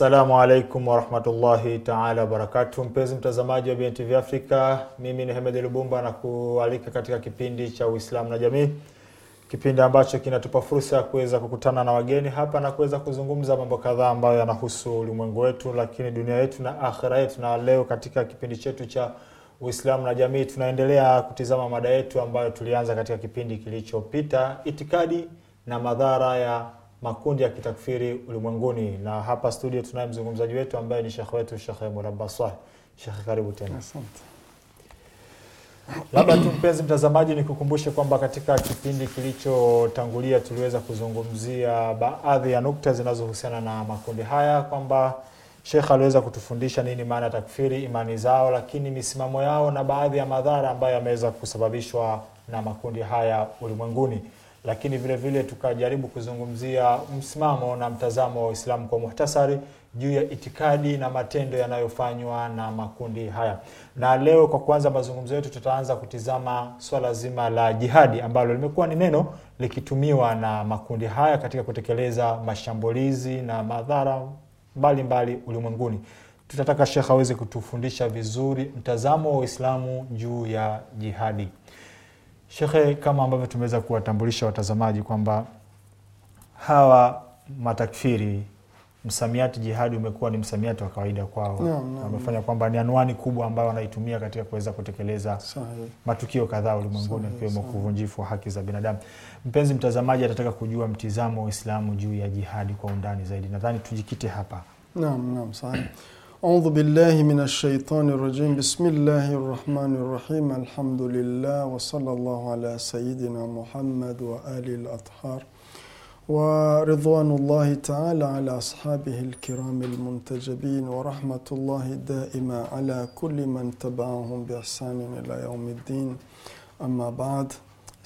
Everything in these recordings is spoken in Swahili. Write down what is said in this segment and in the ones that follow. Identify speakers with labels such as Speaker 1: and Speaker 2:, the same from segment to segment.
Speaker 1: Assalamu alaikum warahmatullahi taala wabarakatu, mpenzi mtazamaji wa BNTV Afrika, mimi ni Hemed Lubumba na kualika katika kipindi cha Uislamu na Jamii, kipindi ambacho kinatupa fursa ya kuweza kukutana na wageni hapa na kuweza kuzungumza mambo kadhaa ambayo yanahusu ulimwengu wetu, lakini dunia yetu na akhira yetu. Na leo katika kipindi chetu cha Uislamu na Jamii tunaendelea kutizama mada yetu ambayo tulianza katika kipindi kilichopita, itikadi na madhara ya makundi ya kitakfiri ulimwenguni, na hapa studio tunaye mzungumzaji wetu ambaye ni shekhe wetu Shekhe Murabba Swahib. Shekhe, karibu tena. Asante. Labda tu mpenzi mtazamaji, nikukumbushe kwamba katika kipindi kilichotangulia tuliweza kuzungumzia baadhi ya nukta zinazohusiana na makundi haya, kwamba Sheikh aliweza kutufundisha nini maana ya takfiri, imani zao, lakini misimamo yao na baadhi ya madhara ambayo yameweza kusababishwa na makundi haya ulimwenguni lakini vile vile tukajaribu kuzungumzia msimamo na mtazamo wa Uislamu kwa muhtasari juu ya itikadi na matendo yanayofanywa na makundi haya. Na leo kwa kuanza mazungumzo yetu, tutaanza kutizama swala zima la jihadi ambalo limekuwa ni neno likitumiwa na makundi haya katika kutekeleza mashambulizi na madhara mbalimbali ulimwenguni. Tutataka Shekh aweze kutufundisha vizuri mtazamo wa Uislamu juu ya jihadi. Shekhe, kama ambavyo tumeweza kuwatambulisha watazamaji kwamba hawa matakfiri msamiati jihadi umekuwa ni msamiati wa kawaida kwao, no, no, wamefanya kwamba ni anwani kubwa ambayo wanaitumia katika kuweza kutekeleza sahi, matukio kadhaa ulimwenguni akiwemo kuvunjifu wa haki za binadamu. Mpenzi mtazamaji atataka kujua mtizamo wa Uislamu juu ya jihadi kwa undani zaidi, nadhani tujikite hapa.
Speaker 2: Naam, naam, أعوذ بالله من الشيطان الرجيم بسم الله الرحمن الرحيم الحمد لله وصلى الله على سيدنا محمد وآل الأطهار ورضوان الله تعالى على أصحابه الكرام المنتجبين ورحمة الله دائمة على كل من تبعهم بإحسان إلى يوم الدين أما بعد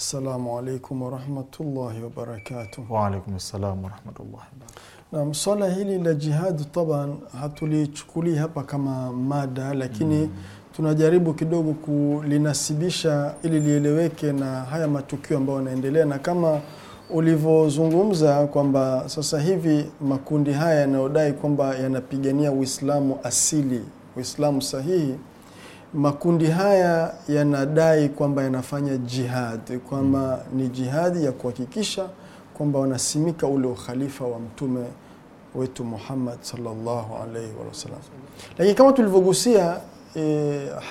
Speaker 2: السلام عليكم ورحمة الله
Speaker 1: وبركاته وعليكم السلام ورحمة الله وبركاته
Speaker 2: Na swala hili la jihad taban hatulichukulii hapa kama mada, lakini mm. tunajaribu kidogo kulinasibisha ili lieleweke na haya matukio ambayo yanaendelea, na kama ulivyozungumza kwamba sasa hivi makundi haya yanayodai kwamba yanapigania Uislamu asili, Uislamu sahihi, makundi haya yanadai kwamba yanafanya jihad, kwamba mm. ni jihadi ya kuhakikisha kwamba wanasimika ule ukhalifa wa mtume wetu Muhammad sallallahu alaihi wasallam. Lakini kama tulivyogusia e,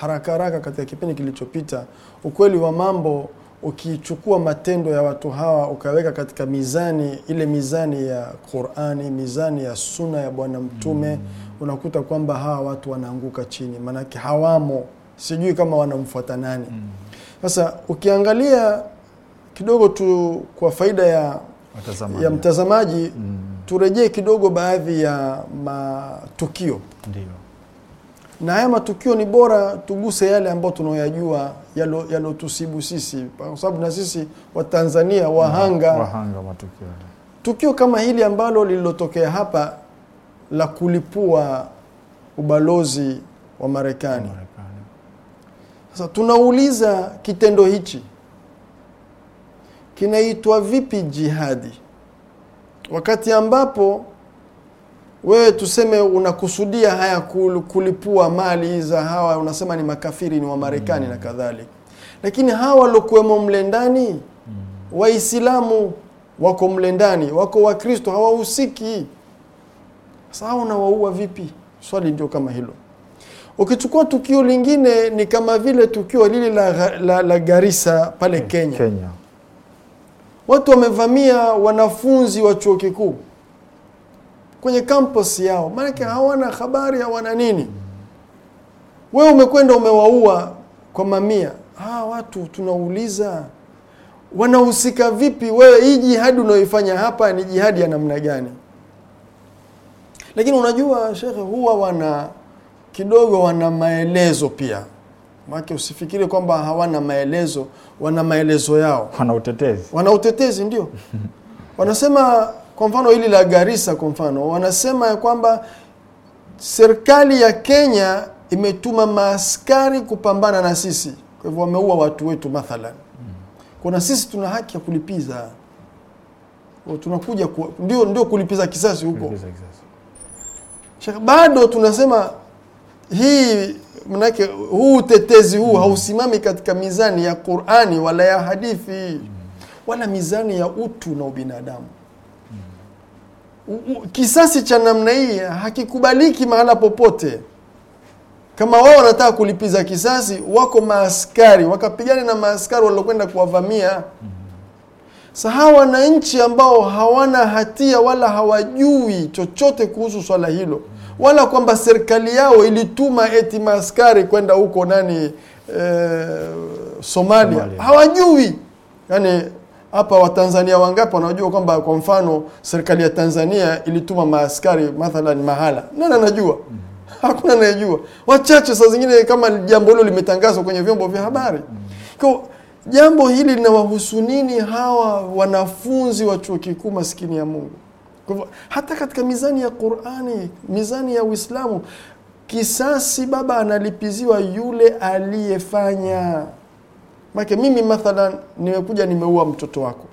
Speaker 2: haraka haraka katika kipindi kilichopita, ukweli wa mambo ukichukua matendo ya watu hawa ukaweka katika mizani ile mizani ya Qur'ani, mizani ya suna ya bwana mtume mm. unakuta kwamba hawa watu wanaanguka chini, maanake hawamo, sijui kama wanamfuata nani. Mm. Sasa mm. ukiangalia kidogo tu kwa faida ya ya mtazamaji mm. Turejee kidogo baadhi ya matukio Ndiyo. na haya matukio ni bora tuguse yale ambayo tunaoyajua yalotusibu sisi, kwa sababu na sisi Watanzania mm. wahanga,
Speaker 1: wahanga matukio.
Speaker 2: Tukio kama hili ambalo lililotokea hapa la kulipua ubalozi wa Marekani. Sasa tunauliza kitendo hichi kinaitwa vipi jihadi wakati ambapo wewe tuseme unakusudia haya kulipua mali za hawa unasema ni makafiri ni wamarekani mm. na kadhalika lakini hawa waliokuwemo mle ndani mm. waislamu wako mle ndani wako wakristo hawahusiki sasa unawaua vipi swali ndio kama hilo ukichukua tukio lingine ni kama vile tukio lile la, la, la, la garisa pale mm, kenya, kenya watu wamevamia wanafunzi wa chuo kikuu kwenye kampos yao, maanake hawana habari, hawana nini. Wewe umekwenda umewaua kwa mamia. Hawa watu tunauliza wanahusika vipi? Wewe hii jihadi unayoifanya hapa ni jihadi ya namna gani? Lakini unajua shekhe, huwa wana kidogo wana maelezo pia maana usifikiri kwamba hawana maelezo, wana maelezo yao, wana utetezi, wana utetezi ndio wanasema. Kwa mfano hili la Garissa, kwa mfano wanasema ya kwamba serikali ya Kenya imetuma maaskari kupambana na sisi, kwa hivyo wameua watu wetu mathalan, kuna sisi tuna haki ya kulipiza, tunakuja ku, ndio, ndio kulipiza kisasi huko, bado tunasema hii manake huu utetezi huu hausimami katika mizani ya Qur'ani wala ya hadithi wala mizani ya utu na ubinadamu. Kisasi cha namna hii hakikubaliki mahala popote. Kama wao wanataka kulipiza kisasi, wako maaskari wakapigana na maaskari waliokwenda kuwavamia. Sa hawa wananchi ambao hawana hatia wala hawajui chochote kuhusu swala hilo wala kwamba serikali yao ilituma eti maaskari kwenda huko nani e, Somalia. Somalia hawajui yani hapa Watanzania wangapi wanajua kwamba kwa mfano serikali ya Tanzania ilituma maaskari mathalan mahala? Nani anajua? Mm. Hakuna anayejua, wachache. Saa zingine kama jambo hilo limetangazwa kwenye vyombo vya habari. Mm. Kwa jambo hili linawahusu nini hawa wanafunzi wa chuo kikuu, maskini ya Mungu? Kwa hivyo hata katika mizani ya Qur'ani, mizani ya Uislamu, kisasi baba analipiziwa yule aliyefanya. Maana mimi mathalan nimekuja nimeua mtoto wako.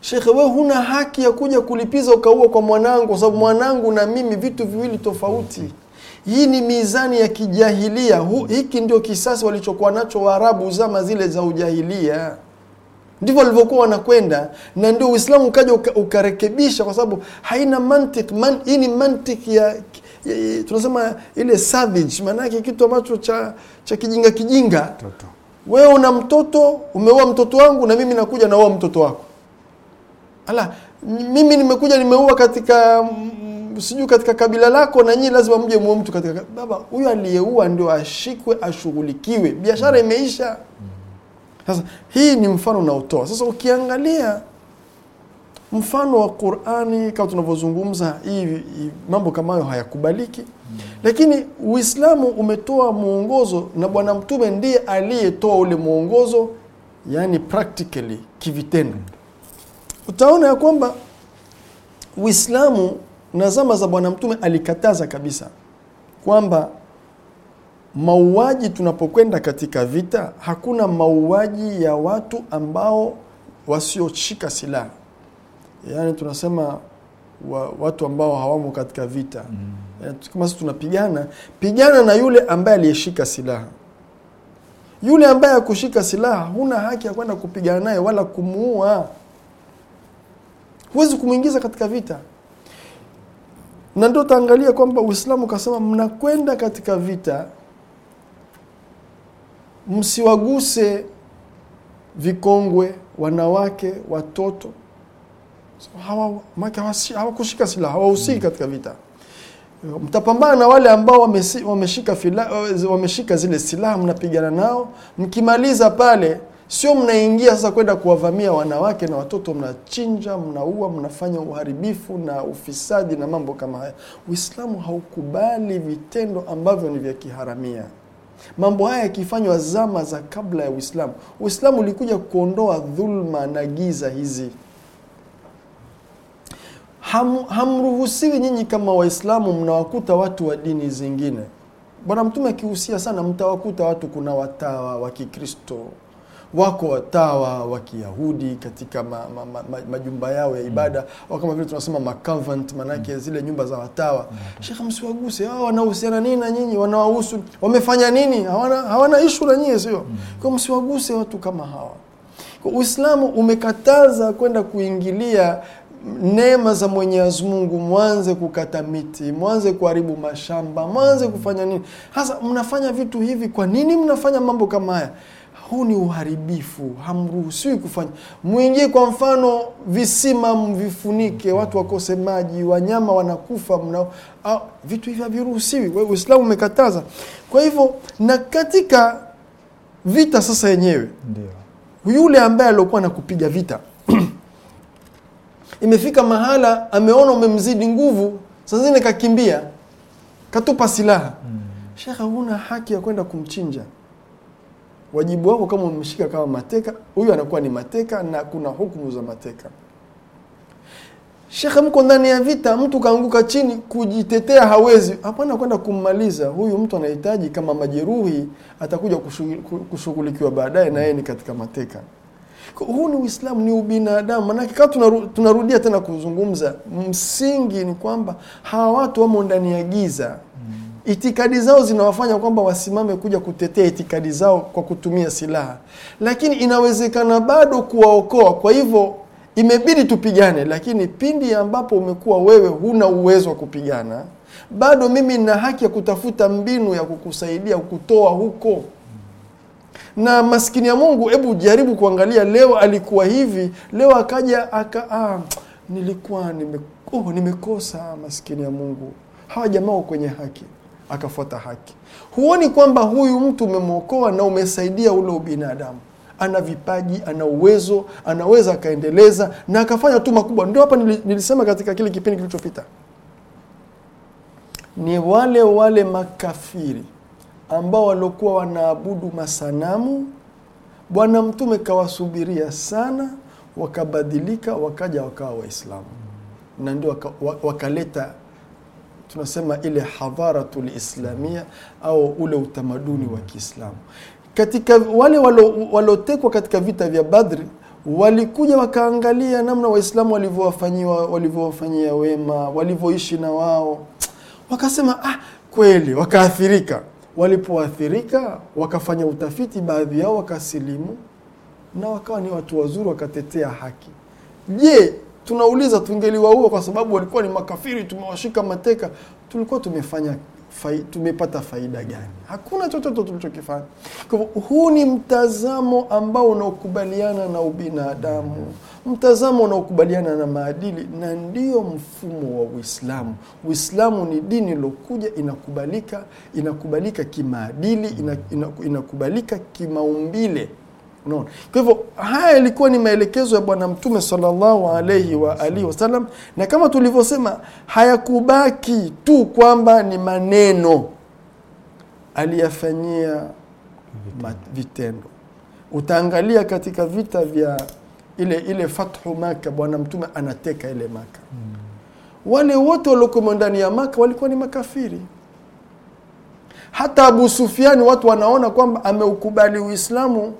Speaker 2: Shekhe, wewe huna haki ya kuja kulipiza ukaua kwa mwanangu, kwa sababu mwanangu na mimi vitu viwili tofauti. Hii ni mizani ya kijahilia. Hiki ndio kisasi walichokuwa nacho Waarabu zama zile za ujahilia ndivyo walivyokuwa wanakwenda na ndio uislamu ukaja ukarekebisha kwa sababu haina mantik man, hii ni mantik ya, ya, ya tunasema ile savage maanaake kitu ambacho cha, cha kijinga kijinga wewe una mtoto umeua mtoto wangu na mimi nakuja naua mtoto wako ala mimi nimekuja nimeua katika mm, sijui katika kabila lako na nyii lazima mje mue mtu katika baba huyo aliyeua ndio ashikwe ashughulikiwe biashara imeisha mm. Sasa hii ni mfano unaotoa. Sasa ukiangalia mfano wa Qur'ani kama tunavyozungumza, hii mambo kama hayo hayakubaliki mm. Lakini Uislamu umetoa mwongozo na Bwana Mtume ndiye aliyetoa ule mwongozo, yani practically kivitendo. Utaona ya kwamba Uislamu na zama za Bwana Mtume alikataza kabisa kwamba mauaji, tunapokwenda katika vita, hakuna mauaji ya watu ambao wasioshika silaha, yaani tunasema wa, watu ambao hawamo katika vita mm. Eh, kama tunapigana pigana na yule ambaye aliyeshika silaha. Yule ambaye akushika silaha, huna haki ya kwenda kupigana naye wala kumuua, huwezi kumwingiza katika vita. Na ndio taangalia kwamba Uislamu ukasema mnakwenda katika vita msiwaguse vikongwe, wanawake, watoto. So, hawakushika hawa silaha, hawahusiki katika vita. Mtapambana na wale ambao wameshika wameshika zile silaha, mnapigana nao. Mkimaliza pale, sio mnaingia sasa kwenda kuwavamia wanawake na watoto, mnachinja, mnaua, mnafanya uharibifu na ufisadi na mambo kama haya. Uislamu haukubali vitendo ambavyo ni vya kiharamia. Mambo haya yakifanywa zama za kabla ya Uislamu. Uislamu ulikuja kuondoa dhulma na giza hizi. Ham, hamruhusiwi nyinyi kama Waislamu mnawakuta watu wa dini zingine. Bwana Mtume akihusia sana, mtawakuta watu kuna watawa wa Kikristo wako watawa wa Kiyahudi katika ma, ma, ma, ma, majumba yao ya mm. ibada au kama vile tunasema maconvent, maanake mm. zile nyumba za watawa. Mm. shekha msiwaguse hao, wanahusiana nini na nyinyi? Wanawahusu, wamefanya nini? Hawana, hawana ishu na nyie sio kwao msiwaguse watu kama hawa. Kwa Uislamu umekataza kwenda kuingilia neema za Mwenyezi Mungu, mwanze kukata miti, mwanze kuharibu mashamba, mwanze kufanya nini. Hasa mnafanya vitu hivi, kwa nini mnafanya mambo kama haya? huu ni uharibifu, hamruhusiwi kufanya. Mwingie kwa mfano visima, mvifunike, watu wakose maji, wanyama wanakufa, mna vitu hivi haviruhusiwi. Uislamu umekataza. Kwa hivyo, na katika vita sasa yenyewe, yule ambaye aliokuwa anakupiga vita imefika mahala ameona umemzidi nguvu, saa zingine kakimbia, katupa silaha. Mm. Shekhe, huna haki ya kwenda kumchinja wajibu wako kama umemshika kama mateka, huyu anakuwa ni mateka na kuna hukumu za mateka. Shekhe, mko ndani ya vita, mtu kaanguka chini, kujitetea hawezi, hapana kwenda kummaliza huyu mtu, anahitaji kama majeruhi, atakuja kushughulikiwa baadaye, na yeye ni katika mateka. Huu ni Uislamu, ni ubinadamu. manake kama tunaru, tunarudia tena kuzungumza, msingi ni kwamba hawa watu wamo ndani ya giza hmm itikadi zao zinawafanya kwamba wasimame kuja kutetea itikadi zao kwa kutumia silaha, lakini inawezekana bado kuwaokoa. Kwa hivyo imebidi tupigane, lakini pindi ambapo umekuwa wewe huna uwezo wa kupigana, bado mimi nina haki ya kutafuta mbinu ya kukusaidia kutoa huko na maskini ya Mungu, hebu jaribu kuangalia, leo alikuwa hivi, leo akaja aka ah, nilikuwa nime, oh, nimekosa. Maskini ya Mungu, hawa jamaa kwenye haki akafuata haki. Huoni kwamba huyu mtu umemwokoa na umesaidia ule ubinadamu? Ana vipaji, ana uwezo, anaweza akaendeleza na akafanya tu makubwa. Ndio hapa nilisema katika kile kipindi kilichopita, ni wale wale makafiri ambao waliokuwa wanaabudu masanamu, Bwana Mtume kawasubiria sana, wakabadilika, wakaja wakawa Waislamu na ndio wakaleta waka tunasema ile hadharatu lislamia au ule utamaduni wa Kiislamu. Katika wale waliotekwa katika vita vya Badri walikuja wakaangalia namna Waislamu walivyowafanyia wema, walivyoishi na wao, wakasema ah, kweli, wakaathirika. Walipoathirika wakafanya utafiti, baadhi yao wakasilimu na wakawa ni watu wazuri, wakatetea haki. Je, tunauliza tungeliwaua kwa sababu walikuwa ni makafiri, tumewashika mateka, tulikuwa tumefanya fai, tumepata faida gani? Hakuna chochote tulichokifanya. Kwa hivyo huu ni mtazamo ambao unaokubaliana na ubinadamu, mtazamo unaokubaliana na maadili, na ndio mfumo wa Uislamu. Uislamu ni dini ilokuja inakubalika, inakubalika kimaadili, inakubalika kimaumbile. Unaona, kwa hivyo haya yalikuwa ni maelekezo ya Bwana Mtume sallallahu alaihi wa alihi wasallam, na kama tulivyosema, hayakubaki tu kwamba ni maneno, aliyafanyia vitendo. Utaangalia katika vita vya ile ile fathu Maka, Bwana Mtume anateka ile Maka. Hmm, wale wote waliokuwa ndani ya Maka walikuwa ni makafiri hata Abu Sufiani watu wanaona kwamba ameukubali Uislamu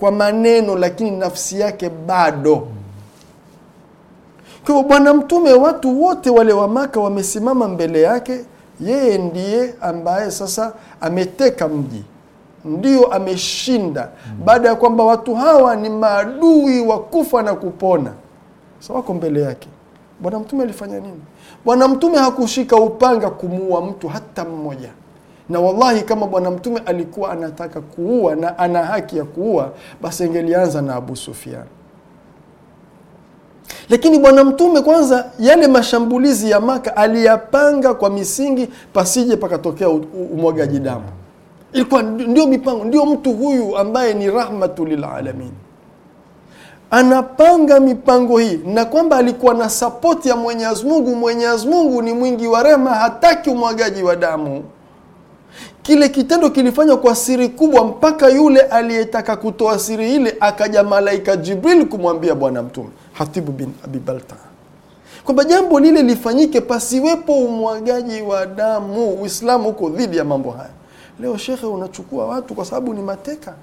Speaker 2: kwa maneno, lakini nafsi yake bado. Kwa Bwana Mtume, watu wote wale wa Maka wamesimama mbele yake, yeye ndiye ambaye sasa ameteka mji, ndio ameshinda, baada ya kwamba watu hawa ni maadui wa kufa na kupona. Sasa wako mbele yake. Bwana Mtume alifanya nini? Bwana Mtume hakushika upanga kumuua mtu hata mmoja na wallahi, kama bwana mtume alikuwa anataka kuua na ana haki ya kuua, basi ingelianza na Abu sufian Lakini bwana mtume kwanza, yale mashambulizi ya Maka aliyapanga kwa misingi pasije pakatokea umwagaji damu. Ilikuwa ndio mipango, ndio mtu huyu ambaye ni rahmatu lil anapanga mipango hii na kwamba alikuwa na sapoti ya Mwenyezi Mungu. Mwenyezi Mungu ni mwingi wa rehma hataki umwagaji wa damu kile kitendo kilifanywa kwa siri kubwa, mpaka yule aliyetaka kutoa siri ile akaja malaika Jibril kumwambia Bwana Mtume Hatibu bin Abi Balta kwamba jambo lile lifanyike pasiwepo umwagaji wa damu. Uislamu huko dhidi ya mambo haya. Leo shekhe, unachukua watu kwa sababu ni mateka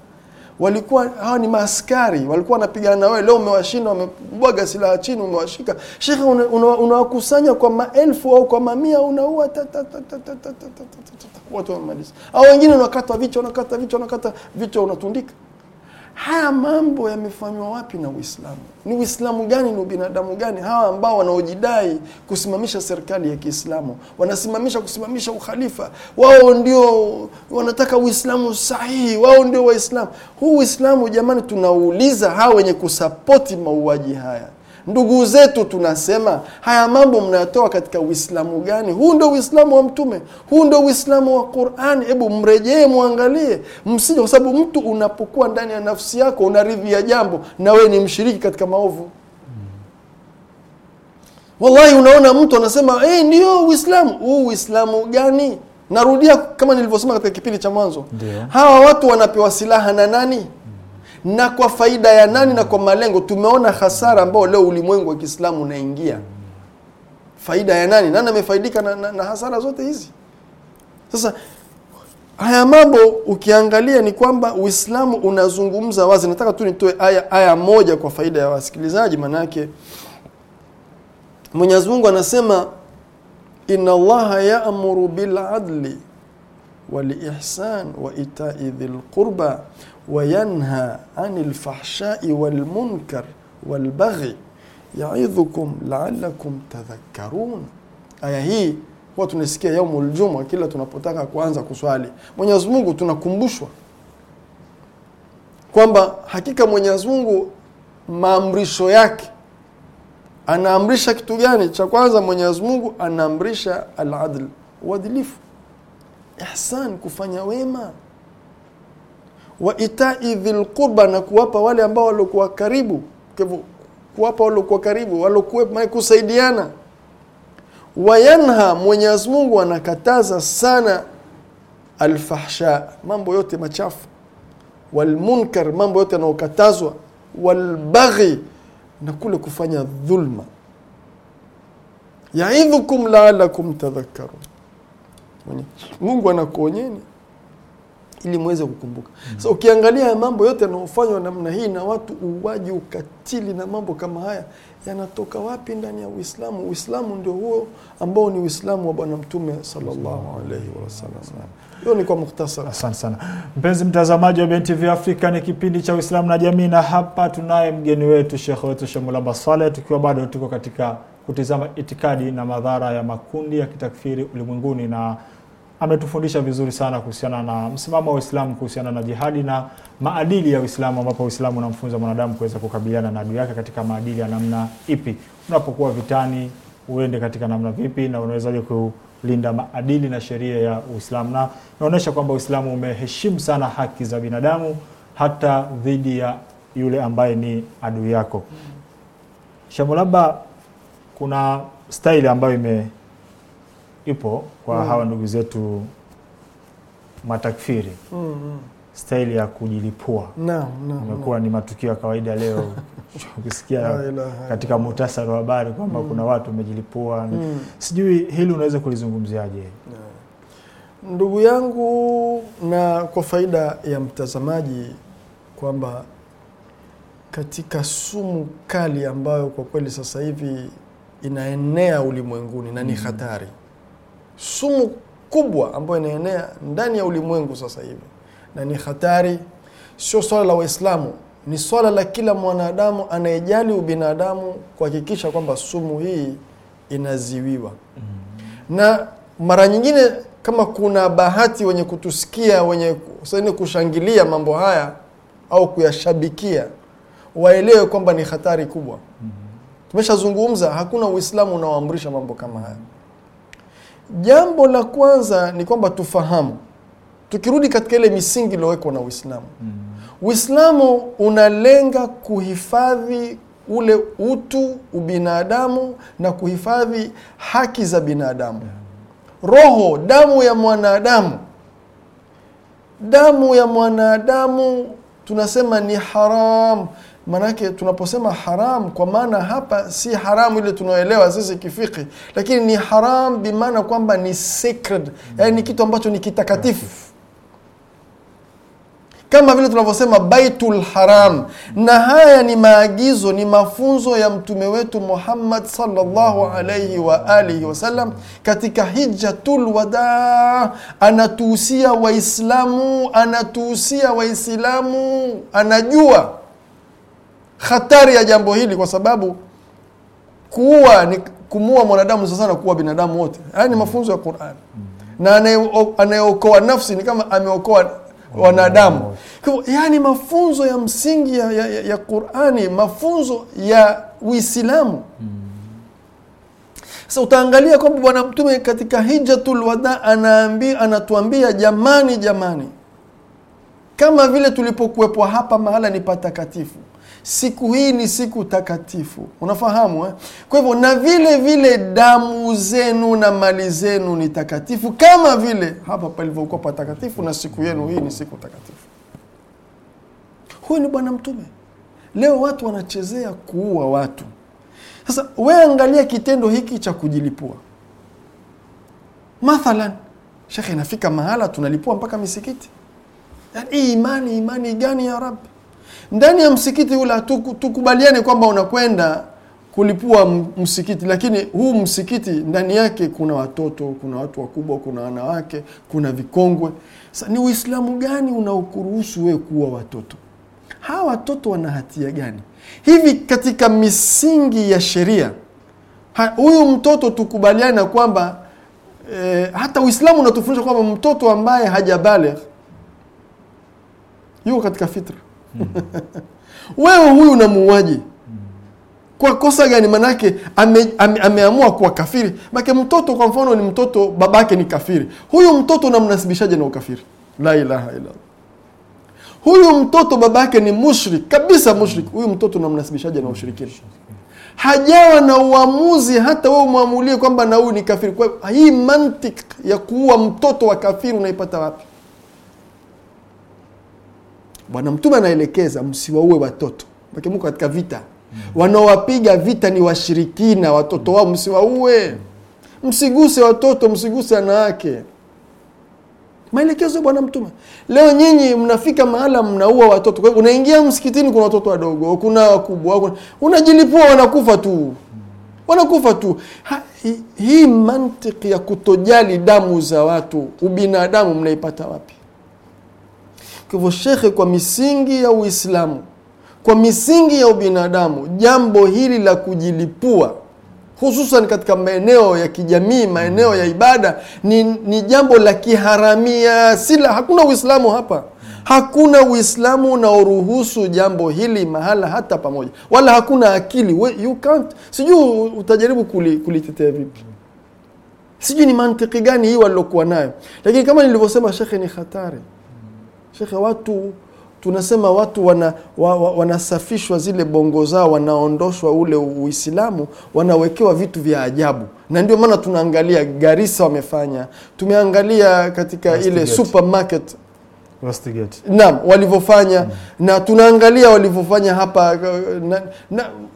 Speaker 2: walikuwa hawa ni maaskari, walikuwa wanapigana na wewe. Leo umewashinda, wamebwaga silaha chini, umewashika. Shekhe, unawakusanya kwa maelfu au kwa mamia, unaua watu, wanamaliza. Au wengine unakata vichwa, unakata vichwa, unakata vichwa, unatundika haya mambo yamefanywa wapi na Uislamu? Ni Uislamu gani ni ubinadamu gani hawa ambao wanaojidai kusimamisha serikali ya Kiislamu, wanasimamisha kusimamisha ukhalifa wao, ndio wanataka Uislamu sahihi, wao ndio Waislamu. Huu Uislamu jamani, tunauliza hawa wenye kusapoti mauaji haya Ndugu zetu tunasema haya mambo mnayotoa katika Uislamu gani? Huu ndio Uislamu wa Mtume, huu ndio Uislamu wa Qurani. Hebu mrejee, mwangalie, msije, kwa sababu mtu unapokuwa ndani ya nafsi yako unaridhia ya jambo, na wee ni mshiriki katika maovu. Wallahi, unaona mtu anasema hey, eh, ndio Uislamu. Huu Uislamu gani? Narudia kama nilivyosema katika kipindi cha mwanzo, hawa watu wanapewa silaha na nani? na kwa faida ya nani na kwa malengo. Tumeona hasara ambayo leo ulimwengu wa Kiislamu unaingia. Faida ya nani? Nani amefaidika na, na, na hasara zote hizi? Sasa haya mambo ukiangalia ni kwamba Uislamu unazungumza wazi. Nataka tu nitoe aya, aya moja kwa faida ya wasikilizaji, manake Mwenyezi Mungu anasema inna Allaha ya'muru biladli والإحسان وإيتاء ذي القربى وينهى عن الفحشاء والمنكر والبغي yaidhukum la'allakum tadhakkarun. Aya hii huwa tunasikia yaumul ljuma kila tunapotaka kuanza kuswali. Mwenyezi Mungu tunakumbushwa kwamba hakika Mwenyezi Mungu maamrisho yake anaamrisha kitu gani? Cha kwanza Mwenyezi Mungu anaamrisha aladl uadilifu ihsan, kufanya wema, wa itai dhil qurba, na kuwapa wale ambao waliokuwa karibu, kuwapa waliokuwa karibu, waliokuwa kusaidiana. Wayanha, Mwenyezi Mungu anakataza sana alfahsha, mambo yote machafu, walmunkar, mambo yote yanayokatazwa, walbaghi, na kule kufanya dhulma. Yaidhukum laalakum tadhakkarun Mungu anakuonyeni ili muweze kukumbuka. Mm -hmm. So ukiangalia mambo yote yanayofanywa namna hii na watu, uuaji, ukatili na mambo kama haya yanatoka wapi ndani ya Uislamu? Uislamu ndio huo ambao ni Uislamu wa Bwana
Speaker 1: Mtume sallallahu alaihi wasallam. Hiyo ni kwa mukhtasara. Asante sana mpenzi mtazamaji wa BNTV Afrika, ni kipindi cha Uislamu na Jamii, na hapa tunaye mgeni wetu shekhe wetu Sheikh Mulaba Saleh, tukiwa bado tuko katika kutizama itikadi na madhara ya makundi ya kitakfiri ulimwenguni na ametufundisha vizuri sana kuhusiana na msimamo wa Uislamu kuhusiana na jihadi na maadili ya Uislamu, ambapo Uislamu unamfunza mwanadamu kuweza kukabiliana na adui yake katika maadili ya namna ipi, unapokuwa vitani uende katika namna vipi, na unawezaje kulinda maadili na sheria ya Uislamu, na inaonyesha kwamba Uislamu umeheshimu sana haki za binadamu hata dhidi ya yule ambaye ni adui yako. Shamu, labda kuna staili ambayo ime ipo kwa mm. hawa ndugu zetu matakfiri mm. Mm-hmm. staili ya kujilipua no, no, no. ni matukio ya kawaida leo ukisikia katika muhtasari wa habari kwamba mm. kuna watu wamejilipua mm. sijui hili unaweza kulizungumziaje? no. Ndugu yangu, na
Speaker 2: kwa faida ya mtazamaji kwamba katika sumu kali ambayo kwa kweli sasa hivi inaenea ulimwenguni na ni mm. hatari mm sumu kubwa ambayo inaenea ndani ya ulimwengu sasa hivi, na ni hatari. Sio swala la Waislamu, ni swala la kila mwanadamu anayejali ubinadamu kuhakikisha kwamba sumu hii inaziwiwa. mm -hmm. Na mara nyingine kama kuna bahati wenye kutusikia wenye saini kushangilia mambo haya au kuyashabikia, waelewe kwamba ni hatari kubwa.
Speaker 1: mm -hmm.
Speaker 2: Tumeshazungumza, hakuna Uislamu unaoamrisha mambo kama haya. Jambo la kwanza ni kwamba tufahamu, tukirudi katika ile misingi iliyowekwa na Uislamu mm. Uislamu unalenga kuhifadhi ule utu ubinadamu na kuhifadhi haki za binadamu yeah. Roho, damu ya mwanadamu, damu ya mwanadamu tunasema ni haramu Maanake tunaposema haram, kwa maana hapa si haramu ile tunaoelewa sisi kifiki, lakini ni haram bimaana kwamba ni sacred, yaani ni kitu ambacho ni kitakatifu kama vile tunavyosema baitul haram. Na haya ni maagizo, ni mafunzo ya mtume wetu Muhammad sallallahu alaihi wa alihi wasallam. Katika hijjatul wada anatuhusia Waislamu, anatuhusia Waislamu, anajua hatari ya jambo hili, kwa sababu kuua ni kumua mwanadamu sasa na kuua binadamu wote. Haya ni mm. mafunzo ya Qur'ani, mm. na anayeokoa nafsi ni kama ameokoa wanadamu. Mm. Yani mafunzo ya msingi ya, ya, ya Qur'ani, mafunzo ya Uislamu. Sasa utaangalia kwamba Bwana Mtume katika hijatul Wada anaambi, anatuambia jamani, jamani, kama vile tulipokuwepo hapa mahala ni patakatifu Siku hii ni siku takatifu, unafahamu eh? Kwa hivyo na vile vile damu zenu na mali zenu ni takatifu, kama vile hapa palivyokuwa patakatifu, na siku yenu hii ni siku takatifu. Huyu ni Bwana Mtume. Leo watu wanachezea kuua watu. Sasa wewe angalia kitendo hiki cha kujilipua, mathalan shekhe, inafika mahala tunalipua mpaka misikiti. Yaani, hii imani, imani gani ya rabi ndani ya msikiti ule tukubaliane kwamba unakwenda kulipua msikiti, lakini huu msikiti ndani yake kuna watoto, kuna watu wakubwa, kuna wanawake, kuna vikongwe. sa ni Uislamu gani unaokuruhusu wewe kuwa watoto? Hawa watoto wana hatia gani? Hivi katika misingi ya sheria huyu mtoto tukubaliane na kwamba e, hata Uislamu unatufundisha kwamba mtoto ambaye hajabale yuko katika fitra Hmm. wewe huyu unamuuaje? Kwa kosa gani? Manake ame, ame, ameamua kuwa kafiri. Make mtoto kwa mfano ni mtoto, babake ni kafiri, huyu mtoto unamnasibishaje na ukafiri? La ilaha illallah. Huyu mtoto babake ni mushrik kabisa, mushrik. Huyu mtoto unamnasibishaje na ushirikina? Hajawa na uamuzi hata wewe umwamulie kwamba na huyu ni kafiri. Kwa hii mantik ya kuua mtoto wa kafiri unaipata wapi? Bwana Mtume anaelekeza msiwaue watoto, mko katika vita mm Wanaowapiga vita ni washirikina, watoto wao msiwaue, msiguse watoto, msiguse wanawake. Maelekezo ya Bwana Mtume. Leo nyinyi mnafika mahala mnaua watoto. Kwa hiyo unaingia msikitini, kuna watoto wadogo, kuna wakubwa, unajilipua, wanakufa tu, wanakufa tu. Ha, hii mantiki ya kutojali damu za watu, ubinadamu mnaipata wapi? Kwa shekhe, kwa misingi ya Uislamu, kwa misingi ya ubinadamu, jambo hili la kujilipua hususan katika maeneo ya kijamii, maeneo ya ibada ni, ni jambo la kiharamia. Sila, hakuna Uislamu hapa, hakuna Uislamu unaoruhusu jambo hili mahala hata pamoja, wala hakuna akili We, you can't. Sijui utajaribu kulitetea vipi, sijui ni mantiki gani hii walilokuwa nayo, lakini kama nilivyosema, shekhe, ni hatari. Shekhe, watu tunasema watu wana, wa, wa, wanasafishwa zile bongo zao, wanaondoshwa ule Uislamu, wanawekewa vitu vya ajabu, na ndio maana tunaangalia Garissa wamefanya, tumeangalia katika Mastigate. ile supermarket nam Naam, walivyofanya mm. na tunaangalia walivyofanya hapa uh,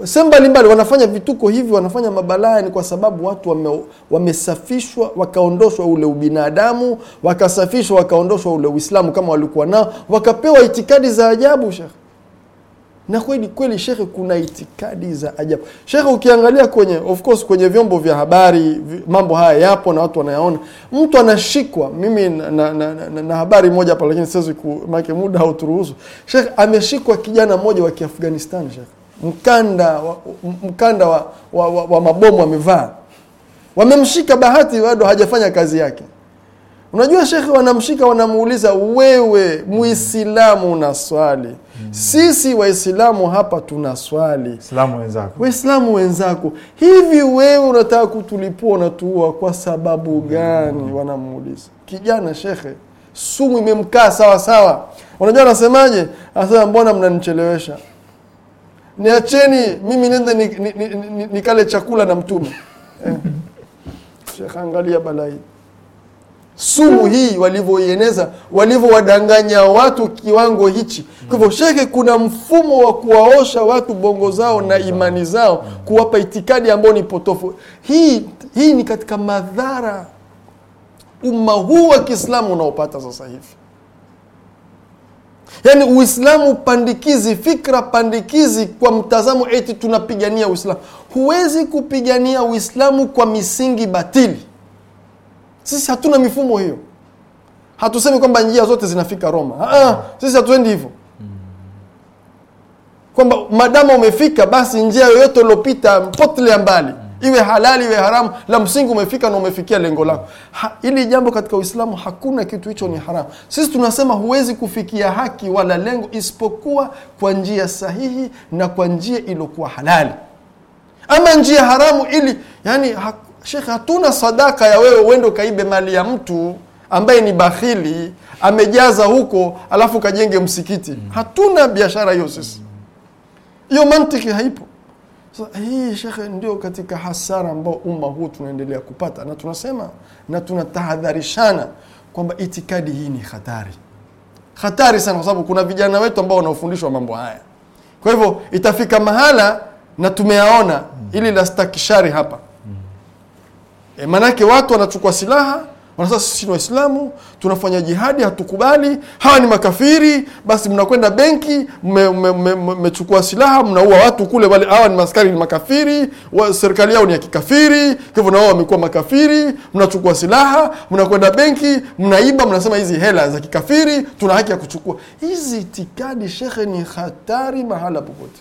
Speaker 2: sehemu mbalimbali wanafanya vituko hivi, wanafanya mabalaya ni kwa sababu watu wame, wamesafishwa wakaondoshwa ule ubinadamu, wakasafishwa wakaondoshwa ule Uislamu kama walikuwa nao, wakapewa itikadi za ajabu shekh na kweli kweli, shekhe, kuna itikadi za ajabu shekhe. Ukiangalia kwenye of course kwenye vyombo vya habari mambo haya yapo na watu wanayaona. Mtu anashikwa, mimi na, na, na, na, na habari moja hapa, lakini siwezi make muda hauturuhusu. Shekhe, ameshikwa kijana mmoja wa Kiafghanistan shekhe, mkanda wa, mkanda wa, wa, wa, wa mabomu amevaa, wamemshika, bahati bado hajafanya kazi yake. Unajua shekhe, wanamshika wanamuuliza, wewe Muislamu swali? hmm. Sisi Waislamu hapa swali, Waislamu wenzako, hivi wewe unataka kutulipua, unatuua kwa sababu gani? Hmm. Wanamuuliza kijana, shekhe, sumu imemkaa sawa sawa. Unajua anasemaje? Anasema, mbona mnanichelewesha? Niacheni mimi nende nikale ni, ni, ni, ni, ni chakula na Mtume eh. Shekhe, angalia balaa hii sumu hii walivyoieneza, walivyowadanganya watu kiwango hichi. Kwa hivyo, shehe kuna mfumo wa kuwaosha watu bongo zao na imani zao, mm. kuwapa itikadi ambayo ni potofu. Hii hii ni katika madhara umma huu wa Kiislamu unaopata sasa hivi. Yaani Uislamu pandikizi, fikra pandikizi, kwa mtazamo eti tunapigania Uislamu. Huwezi kupigania Uislamu kwa misingi batili. Sisi hatuna mifumo hiyo. Hatusemi kwamba njia zote zinafika Roma. Aa, ah, ah, sisi hatuendi hivyo kwamba madama umefika basi njia yoyote uliopita potelea mbali, iwe halali iwe haramu, la msingi umefika na umefikia lengo lako. ili jambo katika Uislamu hakuna kitu hicho ni haramu. Sisi tunasema huwezi kufikia haki wala lengo isipokuwa kwa njia sahihi na kwa njia iliyokuwa halali. Ama njia haramu ili yani, Shekhe, hatuna sadaka ya wewe uende ukaibe mali ya mtu ambaye ni bakhili amejaza huko, alafu kajenge msikiti. Mm. Hatuna biashara hiyo sisi, hiyo mantiki haipo. So, hii shekhe, ndio katika hasara ambao umma huu tunaendelea kupata, na tunasema na tunatahadharishana kwamba itikadi hii ni hatari, hatari sana, kwa sababu kuna vijana wetu ambao wanaofundishwa mambo haya. Kwa hivyo itafika mahala na tumeyaona, mm. ili la stakishari hapa E, eh, maanake watu wanachukua silaha wanasema sisi ni Waislamu, tunafanya jihadi, hatukubali, hawa ni makafiri. Basi mnakwenda benki, mmechukua silaha, mnaua watu kule, wale hawa ni maskari, ni makafiri, serikali yao ni ya kikafiri, kwa hivyo nao wamekuwa makafiri. Mnachukua silaha, mnakwenda benki, mnaiba, mnasema hizi hela za kikafiri, tuna haki ya kuchukua hizi. Itikadi shekhe, ni hatari mahala popote,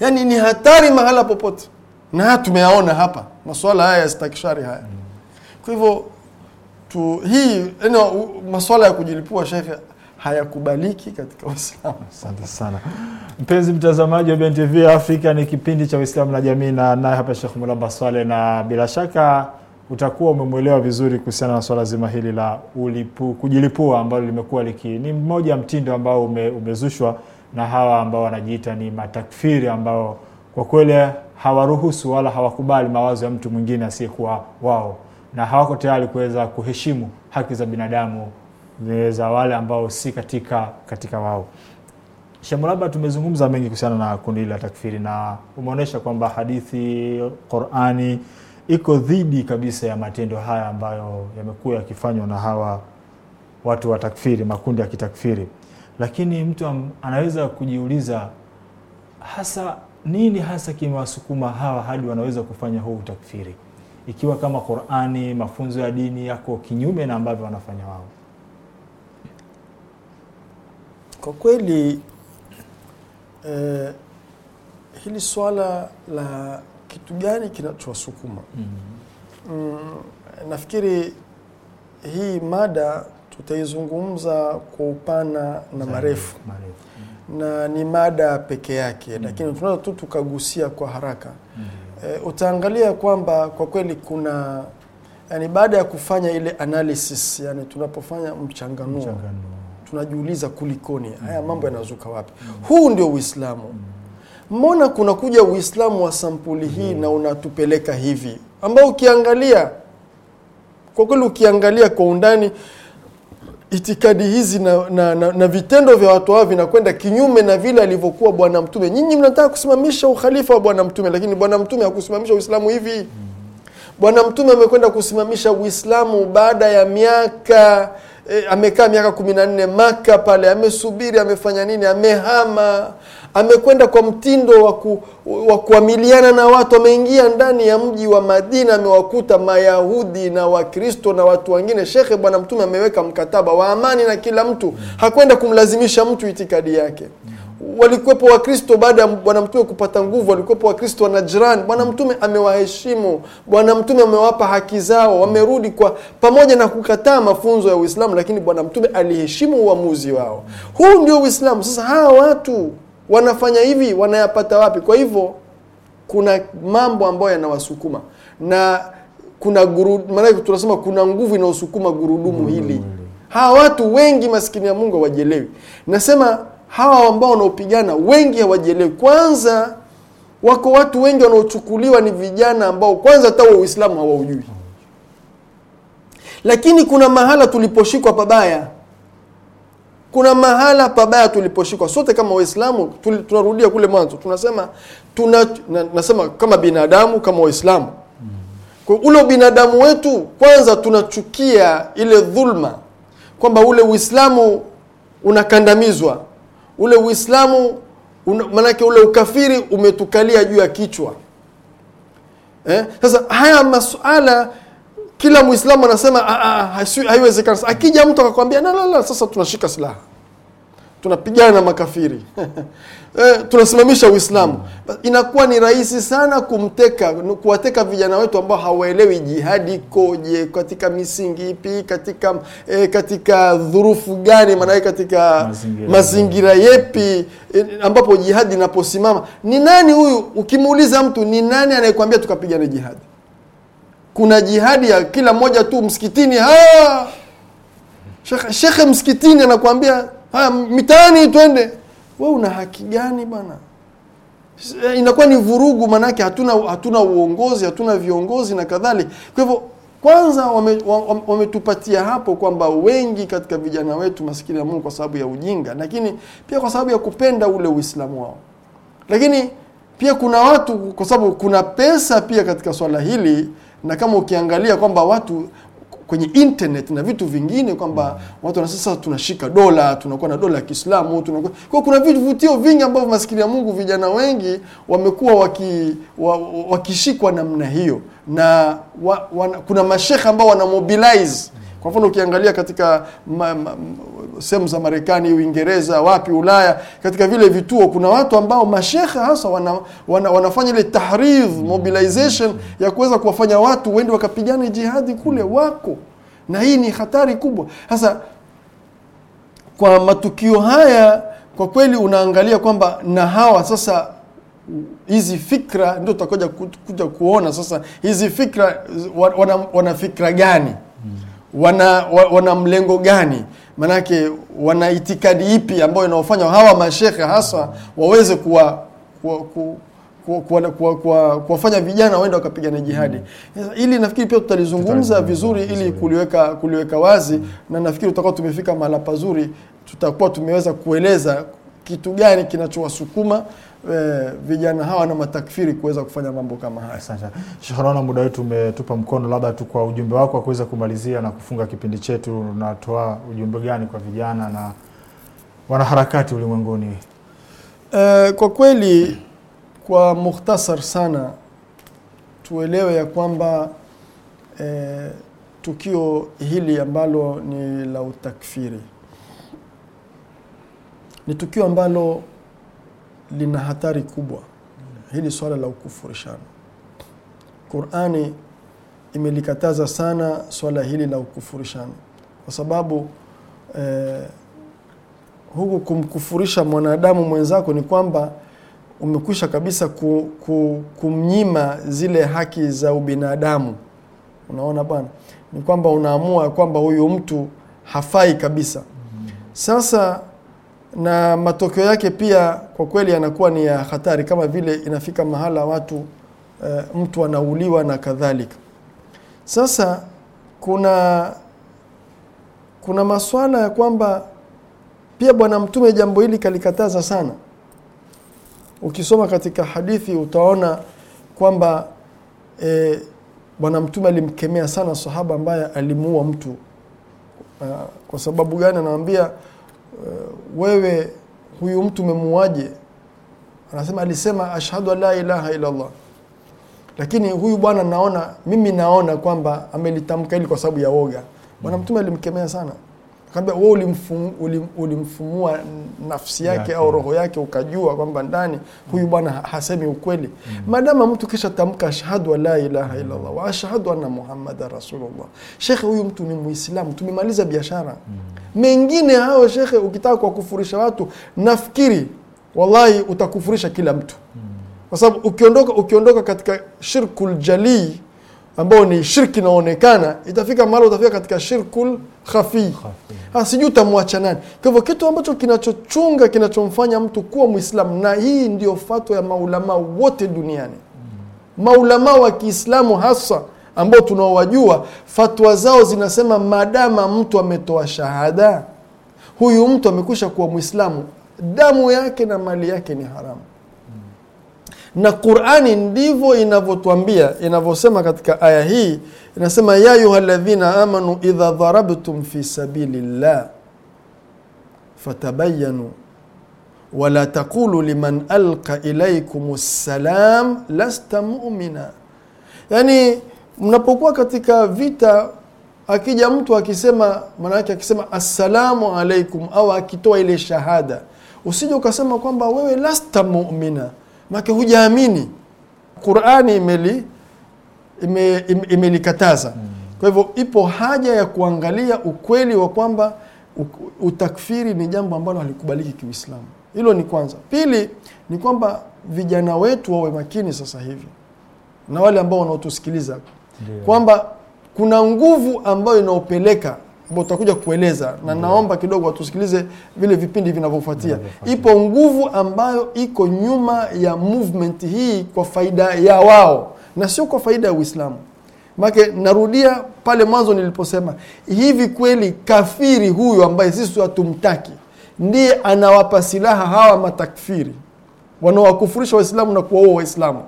Speaker 2: yani ni hatari mahala popote na haya tumeyaona hapa, masuala haya ya stakishari haya. Kwa hivyo tu hii eno, masuala ya kujilipua shekhe
Speaker 1: hayakubaliki katika Uislamu. Asante sana mpenzi mtazamaji wa BNTV Afrika, ni kipindi cha Uislamu na jamii, na naye hapa Shekh mulamba Swale, na bila shaka utakuwa umemwelewa vizuri kuhusiana na swala zima hili la ulipu, kujilipua ambalo limekuwa liki ni mmoja mtindo ambao ume, umezushwa na hawa ambao wanajiita ni matakfiri ambao kwa kweli hawaruhusu wala hawakubali mawazo ya mtu mwingine asiyekuwa wao na hawako tayari kuweza kuheshimu haki za binadamu eh, za wale ambao si katika katika wao. Shamulaba, tumezungumza mengi kuhusiana na kundi la takfiri na umeonyesha kwamba hadithi, Qurani iko dhidi kabisa ya matendo haya ambayo yamekuwa yakifanywa na hawa watu wa takfiri, makundi ya kitakfiri. Lakini mtu anaweza kujiuliza hasa nini hasa kimewasukuma hawa hadi wanaweza kufanya huu takfiri, ikiwa kama Qur'ani, mafunzo ya dini yako kinyume na ambavyo wanafanya wao? Kwa kweli eh,
Speaker 2: hili swala la kitu gani kinachowasukuma mm -hmm. mm, nafikiri hii mada tutaizungumza kwa upana na marefu, marefu. Mm na ni mada peke yake mm -hmm. Lakini tunaweza tu tukagusia kwa haraka mm -hmm. E, utaangalia kwamba kwa kweli kuna yani, baada ya kufanya ile analysis yani, tunapofanya mchanganuo Mchanganu. tunajiuliza kulikoni, mm -hmm. haya mm-hmm. mambo yanazuka wapi? mm -hmm. Huu ndio Uislamu mm -hmm. Mbona kunakuja Uislamu wa sampuli hii mm. na unatupeleka hivi, ambao ukiangalia kwa kweli, ukiangalia kwa undani itikadi hizi na, na, na, na vitendo vya watu hao vinakwenda kinyume na vile alivyokuwa Bwana Mtume. Nyinyi mnataka kusimamisha ukhalifa wa Bwana Mtume, lakini Bwana Mtume hakusimamisha Uislamu hivi. Bwana Mtume amekwenda kusimamisha Uislamu baada ya miaka e, amekaa miaka kumi na nne Maka pale, amesubiri, amefanya nini, amehama amekwenda kwa mtindo wa kuamiliana na watu. Ameingia ndani ya mji wa Madina, amewakuta Mayahudi na Wakristo na watu wengine. Shekhe, Bwana Mtume ameweka mkataba wa amani na kila mtu, hakwenda kumlazimisha mtu itikadi yake. Walikuwepo Wakristo baada ya Bwana Mtume kupata nguvu, walikuwepo Wakristo wa Najran. Bwana Mtume amewaheshimu, Bwana Mtume amewapa haki zao, wamerudi kwa pamoja na kukataa mafunzo ya Uislamu, lakini Bwana Mtume aliheshimu uamuzi wao. Huu ndio Uislamu. Sasa hawa watu wanafanya hivi wanayapata wapi? Kwa hivyo kuna mambo ambayo yanawasukuma na kuna guru, maanake tunasema kuna nguvu inayosukuma gurudumu hili. Hawa watu wengi maskini ya Mungu hawajielewi. Nasema hawa ambao wanaopigana wengi hawajielewi. Kwanza wako watu wengi wanaochukuliwa ni vijana ambao kwanza hata Uislamu hawaujui, lakini kuna mahala tuliposhikwa pabaya kuna mahala pabaya tuliposhikwa sote kama Waislamu, tunarudia kule mwanzo, tunasema tuna, na, nasema kama binadamu kama Waislamu kwa ule binadamu wetu, kwanza tunachukia ile dhulma, kwamba ule Uislamu unakandamizwa, ule Uislamu maanake ule ukafiri umetukalia juu ya kichwa eh? Sasa haya masuala kila mwislamu anasema ah, ah, ah, haiwezekani akija mtu akakwambia la, la, sasa tunashika silaha tunapigana na makafiri eh, tunasimamisha Uislamu, inakuwa ni rahisi sana kumteka kuwateka vijana wetu ambao hawaelewi jihadi ikoje, katika misingi ipi, katika eh, katika dhurufu gani, maanake katika mazingira, mazingira yepi eh, ambapo jihadi inaposimama. Ni nani huyu? Ukimuuliza mtu ni nani anayekwambia tukapigane jihadi kuna jihadi ya kila mmoja tu msikitini. Shekhe, shekhe msikitini anakuambia haya, mitaani twende. We una haki gani bana? Eh, inakuwa ni vurugu, maanake hatuna hatuna uongozi, hatuna viongozi na kadhalika. Kwa hivyo kwanza wametupatia wame hapo kwamba wengi katika vijana wetu masikini ya Mungu kwa sababu ya ujinga, lakini pia kwa sababu ya kupenda ule Uislamu wao. Lakini pia kuna watu, kwa sababu kuna pesa pia katika swala hili na kama ukiangalia kwamba watu kwenye internet na vitu vingine kwamba watu na sasa tunashika dola, tunakuwa na dola ya Kiislamu, tunakuwa kwa kuna vivutio vingi ambavyo masikini ya Mungu vijana wengi wamekuwa waki, wa, wakishikwa namna hiyo na wa, wa, kuna mashekhe ambao wanamobilize kwa mfano ukiangalia katika sehemu za Marekani, Uingereza, wapi Ulaya, katika vile vituo kuna watu ambao mashekhe hasa wana, wana, wanafanya ile tahridh mm. mobilization ya kuweza kuwafanya watu wende wakapigane jihadi kule wako, na hii ni hatari kubwa. Sasa kwa matukio haya kwa kweli unaangalia kwamba na hawa sasa hizi fikra ndio tutakuja kuja kuona sasa hizi fikra wana, wana fikra gani? hmm wana, wana mlengo gani manake wana itikadi ipi ambayo inaofanya hawa mashekhe hasa waweze kuwa, kuwa, kuwa kuwa, kuwa, kuwa vijana waende wakapigana jihadi. Hmm. Ili nafikiri pia tutalizungumza vizuri, ili kuliweka kuliweka wazi, na nafikiri tutakuwa tumefika mahala pazuri, tutakuwa tumeweza kueleza kitu gani kinachowasukuma e, vijana hawa na matakfiri kuweza kufanya mambo kama haya. Asante
Speaker 1: Sheikh, naona muda wetu umetupa mkono, labda tu kwa ujumbe wako wa kuweza kumalizia na kufunga kipindi chetu, unatoa ujumbe gani kwa vijana na wanaharakati ulimwenguni? E, kwa kweli
Speaker 2: kwa mukhtasar sana tuelewe ya kwamba e, tukio hili ambalo ni la utakfiri ni tukio ambalo lina hatari kubwa hili swala la ukufurishana. Qurani imelikataza sana swala hili la ukufurishana kwa sababu eh, huku kumkufurisha mwanadamu mwenzako ni kwamba umekwisha kabisa ku, ku, kumnyima zile haki za ubinadamu. Unaona bwana, ni kwamba unaamua kwamba huyu mtu hafai kabisa. Sasa na matokeo yake pia kwa kweli yanakuwa ni ya hatari, kama vile inafika mahala watu e, mtu anauliwa na kadhalika. Sasa kuna kuna maswala ya kwamba pia Bwana Mtume jambo hili kalikataza sana. Ukisoma katika hadithi utaona kwamba e, Bwana Mtume alimkemea sana sahaba ambaye alimuua mtu. Ah, kwa sababu gani? anawambia Eh, wewe huyu mtu umemuaje? Anasema alisema ashhadu an la ilaha illa llah lakini huyu bwana naona mimi naona kwamba amelitamka ili kwa sababu ya woga. Bwana mm. Mtume alimkemea sana. Akambia wewe ulimfumua ulim, nafsi yake yeah, au roho yake ukajua kwamba ndani huyu mm. bwana hasemi ukweli. mm mtu kisha tamka ashhadu an la ilaha mm illallah wa ashhadu anna Muhammada rasulullah. Shekhe, huyu mtu ni Muislamu, tumemaliza biashara. mm Mengine hayo shekhe, ukitaka kuwakufurisha watu, nafikiri wallahi utakufurisha kila mtu. mm Kwa sababu ukiondoka ukiondoka katika shirkul jalii ambao ni shirki inaonekana, itafika mahali utafika katika shirkul khafi, ah, sijui utamwacha nani. Kwa hivyo kitu ambacho kinachochunga kinachomfanya mtu kuwa Mwislamu, na hii ndiyo fatwa ya maulamaa wote duniani mm. maulamaa wa Kiislamu hasa ambao tunaowajua, fatwa zao zinasema madama mtu ametoa shahada, huyu mtu amekwisha kuwa Mwislamu, damu yake na mali yake ni haramu na Qurani ndivyo inavyotwambia, inavyosema katika aya hii, inasema ya yuha ladhina amanu idha dharabtum fi sabili llah fatabayanu wala taqulu liman alqa ilaikum ssalam lasta mumina, yani mnapokuwa katika vita akija mtu akisema, maana akisema assalamu alaikum, au akitoa ile shahada, usije ukasema kwamba wewe lasta mumina make hujaamini Qurani imeli ime, ime, imelikataza Kwa hivyo ipo haja ya kuangalia ukweli wa kwamba utakfiri ni jambo ambalo halikubaliki Kiuislamu. Hilo ni kwanza. Pili ni kwamba vijana wetu wawe makini sasa hivi na wale ambao wanaotusikiliza kwamba kuna nguvu ambayo inaopeleka ambao tutakuja kueleza na naomba kidogo watusikilize vile vipindi vinavyofuatia. Ipo nguvu ambayo iko nyuma ya movement hii kwa faida ya wao na sio kwa faida ya Uislamu. Make narudia pale mwanzo niliposema, hivi kweli kafiri huyu ambaye sisi hatumtaki ndiye anawapa silaha hawa matakfiri wanaowakufurisha Waislamu na kuwaua Waislamu?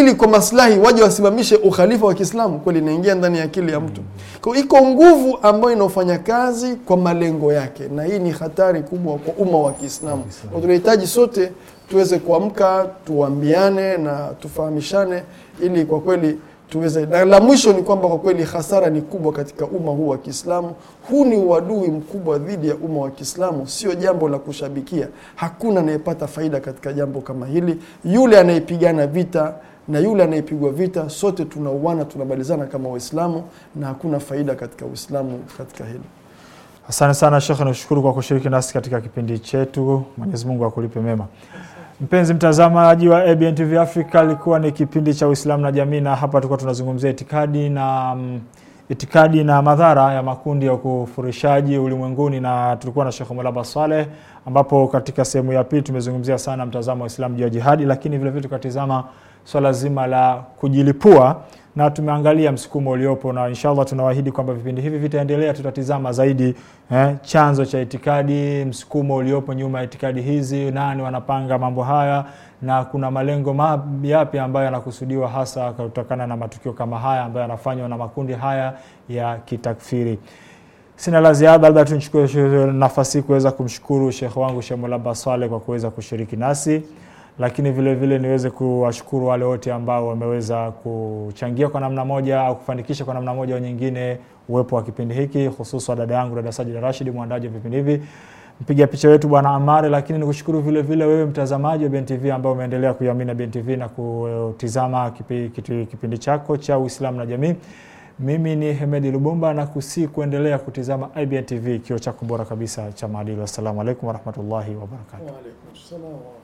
Speaker 2: ili kwa maslahi waje wasimamishe ukhalifa wa Kiislamu, kweli inaingia ndani ya akili ya mtu. Kwa iko nguvu ambayo inaofanya kazi kwa malengo yake, na hii ni hatari kubwa kwa umma wa Kiislamu. Tunahitaji sote tuweze kuamka, tuambiane na tufahamishane, ili kwa kweli tuweze. Na la mwisho ni kwamba kwa kweli hasara ni kubwa katika umma huu wa Kiislamu. Huu ni uadui mkubwa dhidi ya umma wa Kiislamu, sio jambo la kushabikia. Hakuna anayepata faida katika jambo kama hili, yule anayepigana vita na yule anayepigwa vita, sote tunauana, tunabalizana kama Waislamu na hakuna faida katika Uislamu katika hilo.
Speaker 1: Asante sana shekhe, nashukuru kwa kushiriki nasi katika kipindi chetu. Mwenyezi Mungu akulipe mema. Mpenzi mtazamaji wa ABN TV Africa, alikuwa ni kipindi cha Uislamu na jamii, na hapa tulikuwa tunazungumzia itikadi na mm, itikadi na madhara ya makundi ya ukufurishaji ulimwenguni, na tulikuwa na Sheikh Mulaba Saleh, ambapo katika sehemu ya pili tumezungumzia sana mtazamo wa Uislamu juu ya jihadi, lakini vilevile tukatizama swala so zima la kujilipua, na tumeangalia msukumo uliopo, na inshallah tunawaahidi kwamba vipindi hivi vitaendelea, tutatizama zaidi eh, chanzo cha itikadi, msukumo uliopo nyuma ya itikadi hizi, nani wanapanga mambo haya, na kuna malengo yapi ambayo yanakusudiwa hasa kutokana na matukio kama haya ambayo yanafanywa na makundi haya ya kitakfiri. Sina la ziada, labda tunchukue nafasi kuweza kumshukuru shekhe wangu Sheikh Mulaba kwa kuweza kushiriki nasi lakini vile vile niweze kuwashukuru wale wote ambao wameweza kuchangia kwa namna moja au kufanikisha kwa namna moja au nyingine uwepo wa kipindi hiki, hususan dada yangu dada Sajida Rashid, mwandaji wa vipindi hivi, mpiga picha wetu bwana Amare. lakini nikushukuru vile vile wewe mtazamaji wa BNTV ambao umeendelea kuiamini BNTV na kutizama kipi, kipindi chako cha Uislamu na jamii. Mimi ni Hemedi Lubumba na kusi kuendelea kutizama IBN TV, kio chako bora kabisa cha maadili. Wassalamu alaikum warahmatullahi wabarakatuh.